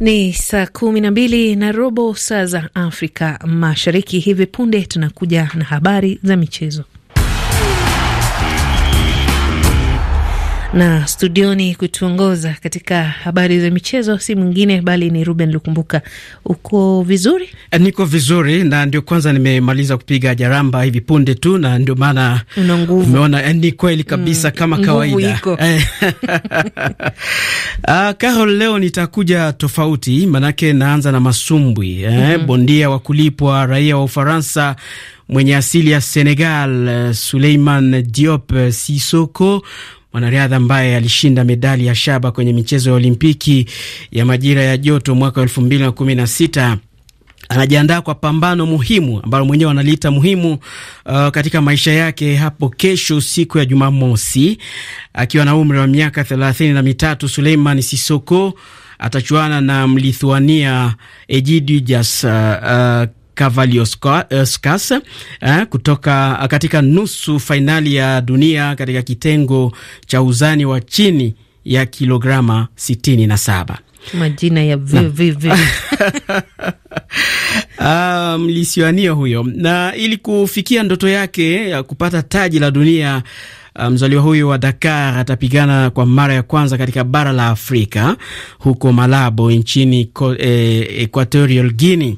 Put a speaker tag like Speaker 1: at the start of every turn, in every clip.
Speaker 1: Ni saa kumi na mbili na robo saa za Afrika Mashariki. Hivi punde tunakuja na habari za michezo. na studioni kutuongoza katika habari za michezo si mwingine bali ni Ruben Lukumbuka. Uko vizuri?
Speaker 2: Eh, niko vizuri, na ndio kwanza nimemaliza kupiga jaramba hivi punde tu, na ndio maana umeona eh, ni kweli kabisa, mm, kama kawaida eh. ah, Carol, leo nitakuja tofauti, manake naanza na masumbwi eh, mm -hmm. Bondia wa kulipwa raia wa Ufaransa mwenye asili ya Senegal, Suleiman Diop Sisoko mwanariadha ambaye alishinda medali ya shaba kwenye michezo ya Olimpiki ya majira ya joto mwaka sita anajiandaa kwa pambano muhimu ambalo mwenyewe analiita muhimu uh, katika maisha yake hapo kesho siku ya Jumamosi, akiwa na umri wa miaka thelathini na mitatu, Suleiman Sisoko atachuana na Mlithuania Egidius uh, uh, Kavaliauskas eh, kutoka eh, katika nusu fainali ya dunia katika kitengo cha uzani wa chini ya kilograma 67.
Speaker 1: Majina ya VVV um,
Speaker 2: ah, huyo na ili kufikia ndoto yake ya kupata taji la dunia ah, mzaliwa um, huyu wa Dakar atapigana kwa mara ya kwanza katika bara la Afrika huko Malabo nchini eh, Equatorial Guinea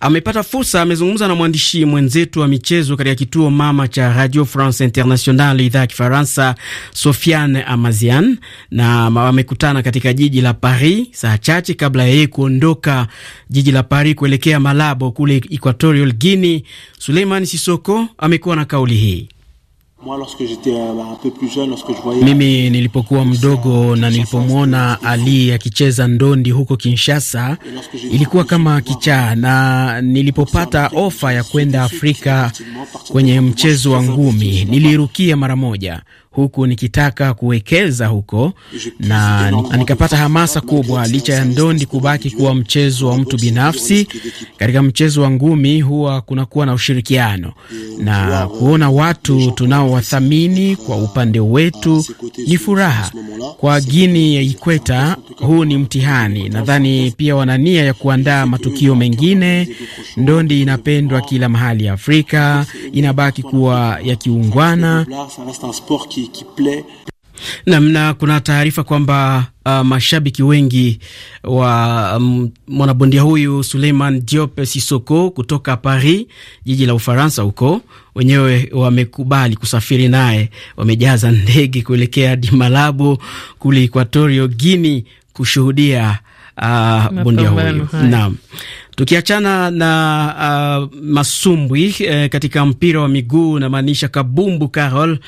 Speaker 2: amepata fursa, amezungumza na mwandishi mwenzetu wa michezo katika kituo mama cha Radio France international idhaa ya Kifaransa, Sofiane Amazian, na wamekutana katika jiji la Paris saa chache kabla ya yeye kuondoka jiji la Paris kuelekea Malabo kule Equatorial Guinea. Suleiman Sisoko amekuwa na kauli hii. Euh, Mimi nilipokuwa mdogo na nilipomwona Ali akicheza ndondi huko Kinshasa ilikuwa kama kichaa, na nilipopata ofa ya kwenda Afrika kwenye mchezo wa ngumi niliirukia mara moja huku nikitaka kuwekeza huko na nikapata hamasa kubwa, licha ya ndondi kubaki kuwa mchezo wa mtu binafsi. Katika mchezo wa ngumi huwa kunakuwa na ushirikiano na kuona watu tunaowathamini kwa upande wetu ni furaha. Kwa gini ya Ikweta huu ni mtihani. Nadhani pia wana nia ya kuandaa matukio mengine. Ndondi inapendwa kila mahali ya Afrika, inabaki kuwa ya kiungwana ki, qui plaît namna kuna taarifa kwamba uh, mashabiki wengi wa um, mwanabondia huyu Suleiman Diop Sisoko kutoka Paris, jiji la Ufaransa, huko wenyewe wamekubali kusafiri naye. Wamejaza ndege kuelekea Dimalabo kule Equatorio Guini kushuhudia uh, ah, bondia huyu. Naam, tukiachana na uh, masumbwi eh, katika mpira wa miguu namaanisha kabumbu Carol,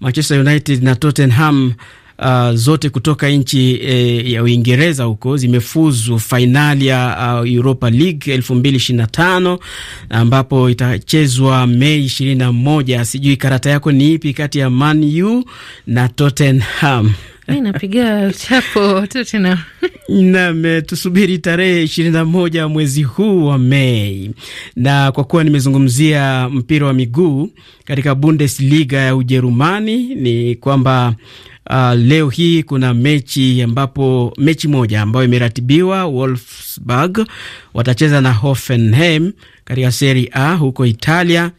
Speaker 2: Manchester United na Tottenham Uh, zote kutoka nchi eh, ya Uingereza huko zimefuzu fainali ya uh, Europa League 2025 ambapo itachezwa Mei 21. Sijui karata yako ni ipi kati ya Man U na Tottenham?
Speaker 1: napiga chapo
Speaker 2: nam. Eh, tusubiri tarehe ishirini na moja mwezi huu wa Mei. Na kwa kuwa nimezungumzia mpira wa miguu katika Bundesliga ya Ujerumani, ni kwamba Uh, leo hii kuna mechi ambapo mechi moja ambayo imeratibiwa. Wolfsburg watacheza na Hoffenheim katika Serie A huko Italia,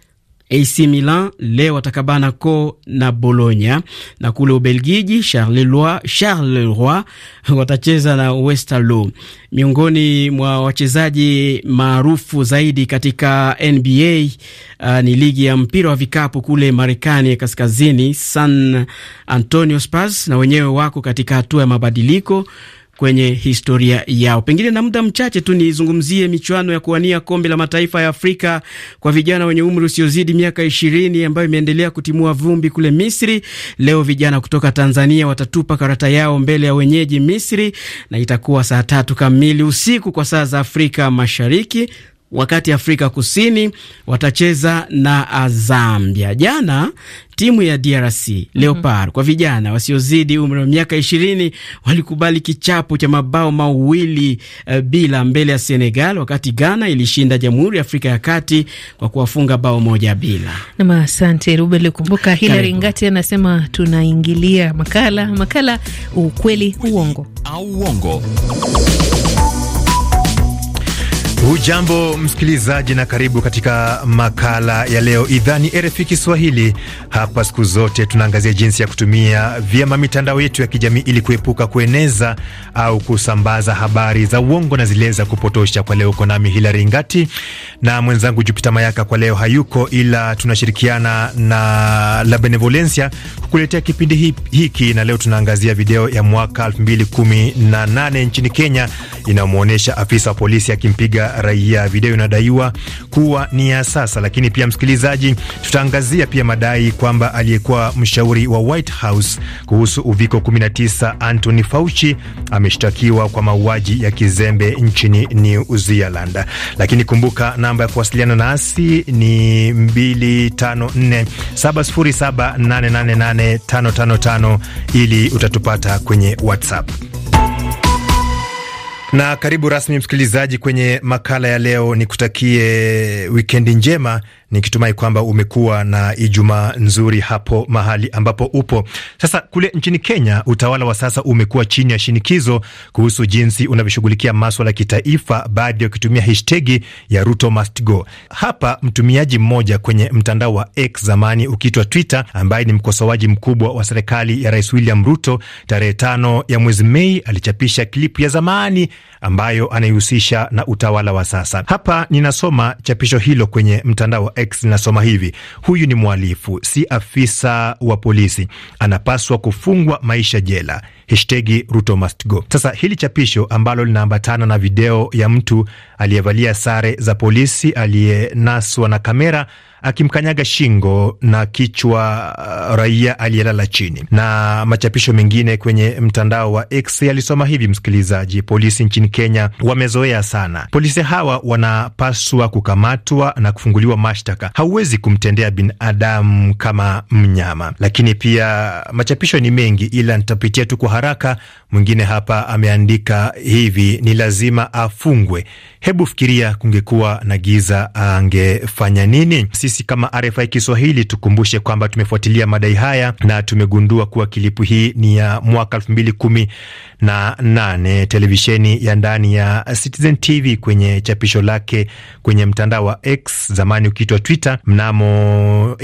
Speaker 2: AC Milan leo watakabana ko na Bologna, na kule Ubelgiji Charleroi, Charleroi watacheza na Westerlo. Miongoni mwa wachezaji maarufu zaidi katika NBA uh, ni ligi ya mpira wa vikapu kule Marekani ya kaskazini. San Antonio Spurs na wenyewe wako katika hatua ya mabadiliko kwenye historia yao. Pengine na muda mchache tu nizungumzie michuano ya kuwania kombe la mataifa ya Afrika kwa vijana wenye umri usiozidi miaka ishirini ambayo imeendelea kutimua vumbi kule Misri. Leo vijana kutoka Tanzania watatupa karata yao mbele ya wenyeji Misri, na itakuwa saa tatu kamili usiku kwa saa za Afrika Mashariki, wakati Afrika Kusini watacheza na ah, Zambia. Jana timu ya DRC mhm. Leopard mm -hmm. kwa vijana wasiozidi umri wa miaka ishirini walikubali kichapo cha mabao mawili uh, bila mbele ya Senegal, wakati Ghana ilishinda Jamhuri ya Afrika ya Kati kwa kuwafunga bao moja bila.
Speaker 1: Nam, asante Rubel. Kumbuka Hilary Ngati anasema tunaingilia makala makala ukweli uongo au uongo Hujambo msikilizaji, na karibu katika makala ya leo. Idhaa ni RFI Kiswahili. Hapa siku zote tunaangazia jinsi ya kutumia vyema mitandao yetu ya kijamii ili kuepuka kueneza au kusambaza habari za uongo na zile za kupotosha. Kwa leo uko nami Hilari Ngati na mwenzangu Jupita Mayaka kwa leo hayuko, ila tunashirikiana na La Benevolencia kukuletea kipindi hiki, na leo tunaangazia video ya mwaka 2018 nchini Kenya inayomwonyesha afisa wa polisi akimpiga raia. Video inadaiwa kuwa ni ya sasa, lakini pia msikilizaji, tutaangazia pia madai kwamba aliyekuwa mshauri wa White House kuhusu uviko 19 Anthony Fauci ameshtakiwa kwa mauaji ya kizembe nchini New Zealand. Lakini kumbuka namba ya kuwasiliana nasi ni 254 ili utatupata kwenye WhatsApp na karibu rasmi msikilizaji kwenye makala ya leo, ni kutakie wikendi njema nikitumai kwamba umekuwa na Ijumaa nzuri hapo mahali ambapo upo sasa. Kule nchini Kenya, utawala wa sasa umekuwa chini ya shinikizo kuhusu jinsi unavyoshughulikia maswala ya kitaifa, baada ya kutumia hashtagi ya Ruto must go. Hapa mtumiaji mmoja kwenye mtandao wa X zamani ukiitwa Twitter, ambaye ni mkosoaji mkubwa wa serikali ya Rais William Ruto, tarehe tano ya mwezi Mei alichapisha klipu ya zamani ambayo anaihusisha na utawala wa sasa. Hapa ninasoma chapisho hilo kwenye mtandao wa X linasoma hivi: huyu ni mhalifu, si afisa wa polisi, anapaswa kufungwa maisha jela hashtagi Ruto must go. Sasa hili chapisho ambalo linaambatana na video ya mtu aliyevalia sare za polisi aliyenaswa na kamera akimkanyaga shingo na kichwa uh, raia aliyelala chini, na machapisho mengine kwenye mtandao wa X yalisoma hivi: msikilizaji, polisi nchini Kenya wamezoea sana. Polisi hawa wanapaswa kukamatwa na kufunguliwa mashtaka. Hauwezi kumtendea binadamu kama mnyama. Lakini pia machapisho ni mengi, ila nitapitia tu kwa haraka. Mwingine hapa ameandika hivi, ni lazima afungwe. Hebu fikiria kungekuwa na giza, angefanya nini? Sisi kama RFI Kiswahili tukumbushe kwamba tumefuatilia madai haya na tumegundua kuwa kilipu hii ni ya mwaka elfu mbili kumi na nane. Televisheni ya ndani ya Citizen TV kwenye chapisho lake kwenye mtandao wa X zamani ukiitwa Twitter, mnamo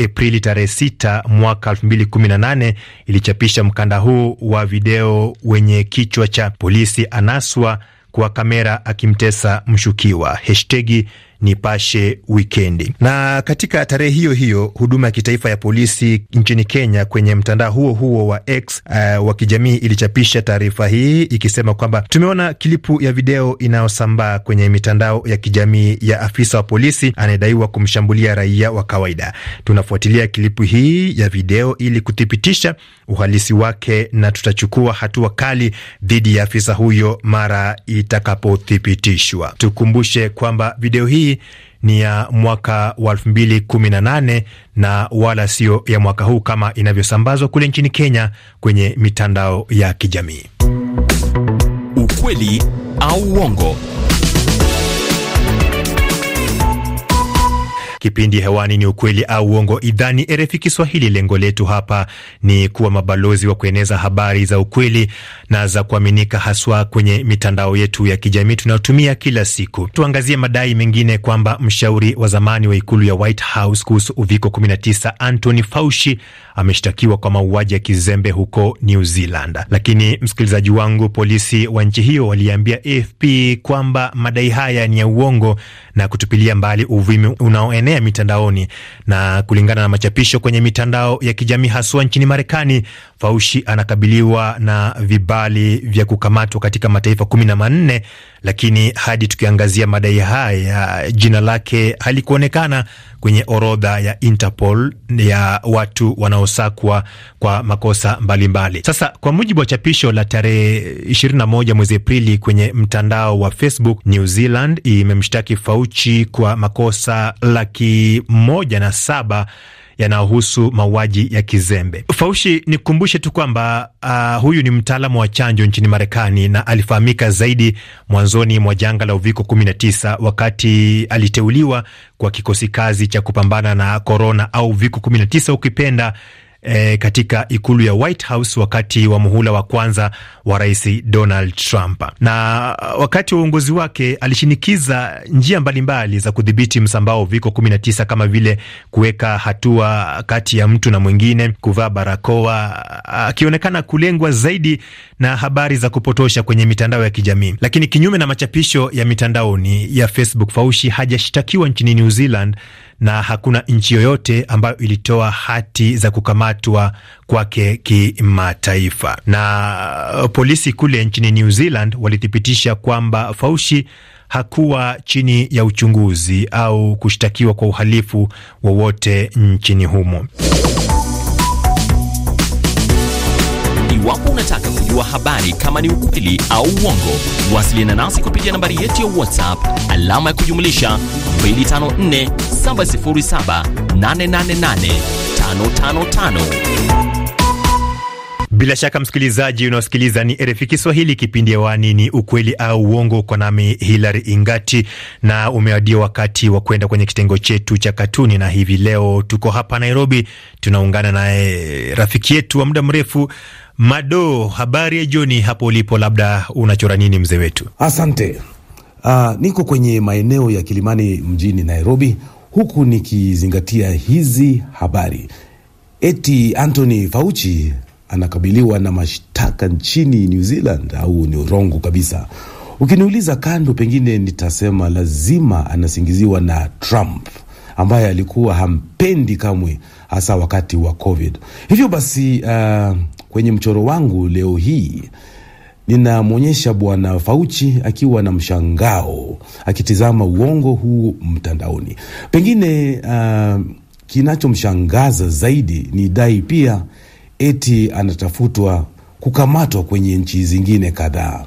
Speaker 1: Aprili tarehe sita mwaka elfu mbili kumi na nane ilichapisha mkanda huu wa video wenye kichwa cha polisi anaswa kwa kamera akimtesa mshukiwa. Hashtagi Nipashe Wikendi. Na katika tarehe hiyo hiyo, huduma ya kitaifa ya polisi nchini Kenya kwenye mtandao huo huo wa X uh, wa kijamii ilichapisha taarifa hii ikisema kwamba tumeona klipu ya video inayosambaa kwenye mitandao ya kijamii ya afisa wa polisi anayedaiwa kumshambulia raia wa kawaida. Tunafuatilia klipu hii ya video ili kuthibitisha uhalisi wake na tutachukua hatua kali dhidi ya afisa huyo mara itakapothibitishwa. Tukumbushe kwamba video hii hii ni ya mwaka wa 2018 na wala sio ya mwaka huu kama inavyosambazwa kule nchini Kenya kwenye mitandao ya kijamii. Ukweli au uongo Kipindi hewani ni ukweli au uongo, idhani ni RFI Kiswahili. Lengo letu hapa ni kuwa mabalozi wa kueneza habari za ukweli na za kuaminika, haswa kwenye mitandao yetu ya kijamii tunayotumia kila siku. Tuangazie madai mengine kwamba mshauri wa zamani wa ikulu ya White House kuhusu uviko 19 Anthony Fauci ameshtakiwa kwa mauaji ya kizembe huko New Zealand. Lakini msikilizaji wangu, polisi wa nchi hiyo waliambia AFP kwamba madai haya ni ya uongo na kutupilia mbali uvimi unaoenea mitandaoni. Na kulingana na machapisho kwenye mitandao ya kijamii haswa nchini Marekani, Faushi anakabiliwa na vibali vya kukamatwa katika mataifa kumi na manne, lakini hadi tukiangazia madai haya, jina lake halikuonekana kwenye orodha ya Interpol ya watu wanaosakwa kwa makosa mbalimbali mbali. Sasa kwa mujibu wa chapisho la tarehe 21 mwezi Aprili kwenye mtandao wa Facebook, New Zealand imemshtaki Fauchi kwa makosa laki moja na saba yanayohusu mauaji ya kizembe. Faushi, nikumbushe tu kwamba uh, huyu ni mtaalamu wa chanjo nchini Marekani na alifahamika zaidi mwanzoni mwa janga la uviko 19 wakati aliteuliwa kwa kikosi kazi cha kupambana na korona au uviko 19 ukipenda e, katika ikulu ya White House wakati wa muhula wa kwanza wa Rais Donald Trump. Na uh, wakati wa uongozi wake alishinikiza njia mbalimbali mbali za kudhibiti msambao viko 19 kama vile kuweka hatua kati ya mtu na mwingine, kuvaa barakoa, uh, akionekana kulengwa zaidi na habari za kupotosha kwenye mitandao ya kijamii. Lakini kinyume na machapisho ya mitandaoni ya Facebook, Fauci hajashtakiwa nchini New Zealand na hakuna nchi yoyote ambayo ilitoa hati za kukamatwa kwake kimataifa. Na uh, polisi kule nchini New Zealand walithibitisha kwamba faushi hakuwa chini ya uchunguzi au kushtakiwa kwa uhalifu wowote nchini humo.
Speaker 2: Iwapo unataka kujua habari kama ni ukweli au uongo, wasiliana nasi kupitia nambari yetu ya WhatsApp alama ya kujumlisha 254
Speaker 1: bila shaka msikilizaji, unaosikiliza ni RFI Kiswahili, kipindi hewani ni ukweli au uongo, kwa nami Hilary Ingati, na umewadia wakati wa kwenda kwenye kitengo chetu cha katuni, na hivi leo tuko hapa Nairobi, tunaungana naye rafiki yetu wa muda mrefu Mado. Habari ya jioni hapo ulipo, labda unachora nini mzee wetu? Asante. Uh, niko kwenye maeneo ya Kilimani mjini Nairobi huku
Speaker 2: nikizingatia hizi habari. Eti Anthony Fauci anakabiliwa na mashtaka nchini New Zealand au ni urongo kabisa? Ukiniuliza kando, pengine nitasema lazima anasingiziwa na Trump ambaye alikuwa hampendi kamwe, hasa wakati wa COVID. Hivyo basi, uh, kwenye mchoro wangu leo hii ninamwonyesha Bwana fauchi akiwa na mshangao akitizama uongo huu mtandaoni. Pengine uh, kinachomshangaza zaidi ni dai pia eti anatafutwa kukamatwa kwenye nchi zingine kadhaa.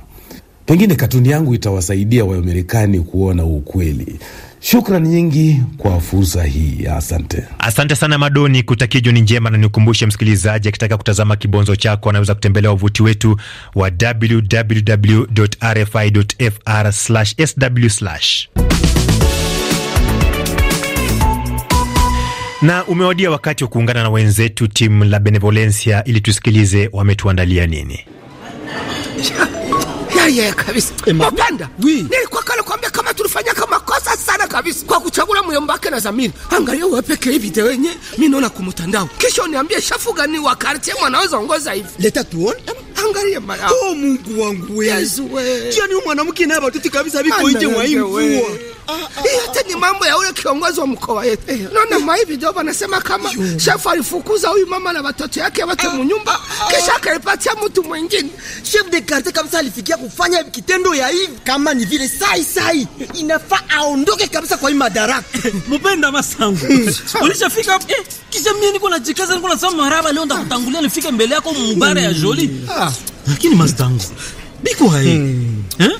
Speaker 2: Pengine katuni yangu itawasaidia Wamarekani kuona ukweli. Shukrani nyingi kwa fursa hii, asante.
Speaker 1: Asante sana Madoni, kutakia jioni njema, na nikumbushe msikilizaji, akitaka kutazama kibonzo chako anaweza kutembelea wavuti wetu wa www.rfi.fr/sw. Na umewadia wakati wa kuungana na wenzetu timu la Benevolencia ili tusikilize wametuandalia nini.
Speaker 2: ya, ya, ya, na tulifanya kama kosa sana kabisa kwa kuchagula myombake na zamini. Angalia hivi video wenye mimi naona kumtandao, kisha uniambie shafu gani wa kartie mwanaweza ongoza hivi. Leta tuone. Angalia mara. Oh, Mungu wangu wewe. Yesu wewe. Jioni mwanamke naye batuti kabisa biko nje mwa mvua. Yote ni mambo ya ule kiongozi wa mkoa wetu. Naona maivi ndio wanasema kama shefu alifukuza huyu mama na watoto yake wote ah. mnyumba ah. kisha akaipatia mtu mwingine. Chef de quartier kabisa alifikia kufanya kitendo ya hivi. Kama ni vile sai sai inafaa aondoke kabisa kwa hii madaraka. Mpenda masangu. Ulishafika hapo? Eh, kisha mimi niko najikaza niko nasema maraba leo ndakutangulia nifike mbele yako mbara ya Jolie. Ah, lakini mastangu. Biko hai. Hmm. Eh?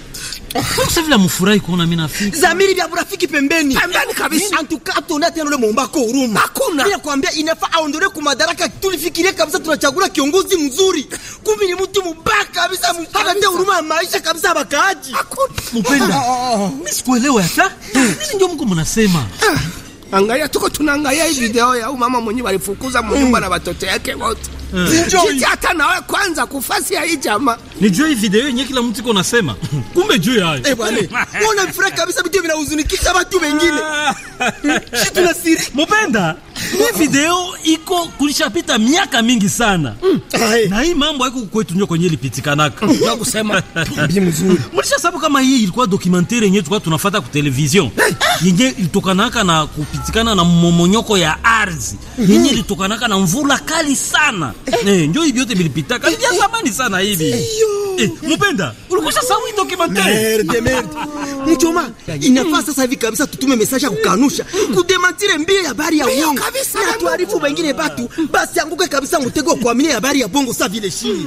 Speaker 2: Sasa vile mfurahi kuona mimi nafika. Zamiri vya urafiki pembeni. Pembeni kabisa. Antuka tuona tena yule muomba kwa huruma. Hakuna. Bila kuambia inafaa aondolewe kwa madaraka. Tulifikiria kabisa tunachagua kiongozi mzuri. Kumbe ni mtu mbaya kabisa. Hata tena huruma ya maisha kabisa bakaaji. Hakuna. Mpenda. Mimi ah, ah, ah, sikuelewa hata. Eh, mimi ndio mko mnasema. Angalia tuko tunaangalia hii video ya mama mwenyewe alifukuza mjomba na watoto yake wote. Nijui hata na wewe kwanza kufasia hii jamaa. Nijui hii video yenyewe kila mtu iko nasema. Kumbe juu ya hayo. Eh, bwana. Mbona mfura kabisa vitu vinahuzunikisha watu wengine. Sisi tunasiri. Mpenda. Hii video iko kulishapita miaka mingi sana. Mm. Na hii mambo haiko kwetu nyoka kwenye lipitikanaka. Mm. Na kusema bi mzuri. Mlishasabu kama hii ilikuwa documentary yenyewe tulikuwa tunafuata kwa television yenye ilitokanaka na kupitikana na mmomonyoko ya ardhi yenye ilitokanaka na mvula kali sana eh, eh njo hivi yote vilipitaka vya zamani sana hivi eh, Mupenda ulikusha sawi documentary merde merde
Speaker 1: mchoma, inafaa sasa hivi
Speaker 2: kabisa tutume message ya kukanusha kudematire ya bari ya uongo na tuarifu wengine batu, basi anguke kabisa mutego kwa ya bari ya
Speaker 1: bongo sa vile shii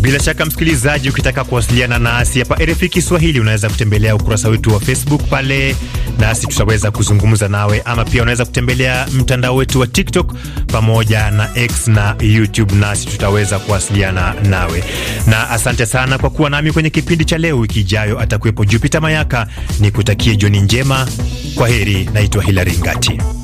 Speaker 1: Bila shaka msikilizaji, ukitaka kuwasiliana nasi hapa RFI Kiswahili, unaweza kutembelea ukurasa wetu wa Facebook pale, nasi tutaweza kuzungumza nawe, ama pia unaweza kutembelea mtandao wetu wa TikTok pamoja na X na YouTube, nasi tutaweza kuwasiliana nawe. Na asante sana kwa kuwa nami kwenye kipindi cha leo. Wiki ijayo atakuwepo jupita Mayaka. ni kutakie jioni njema, kwa heri. Naitwa Hilari Ngati.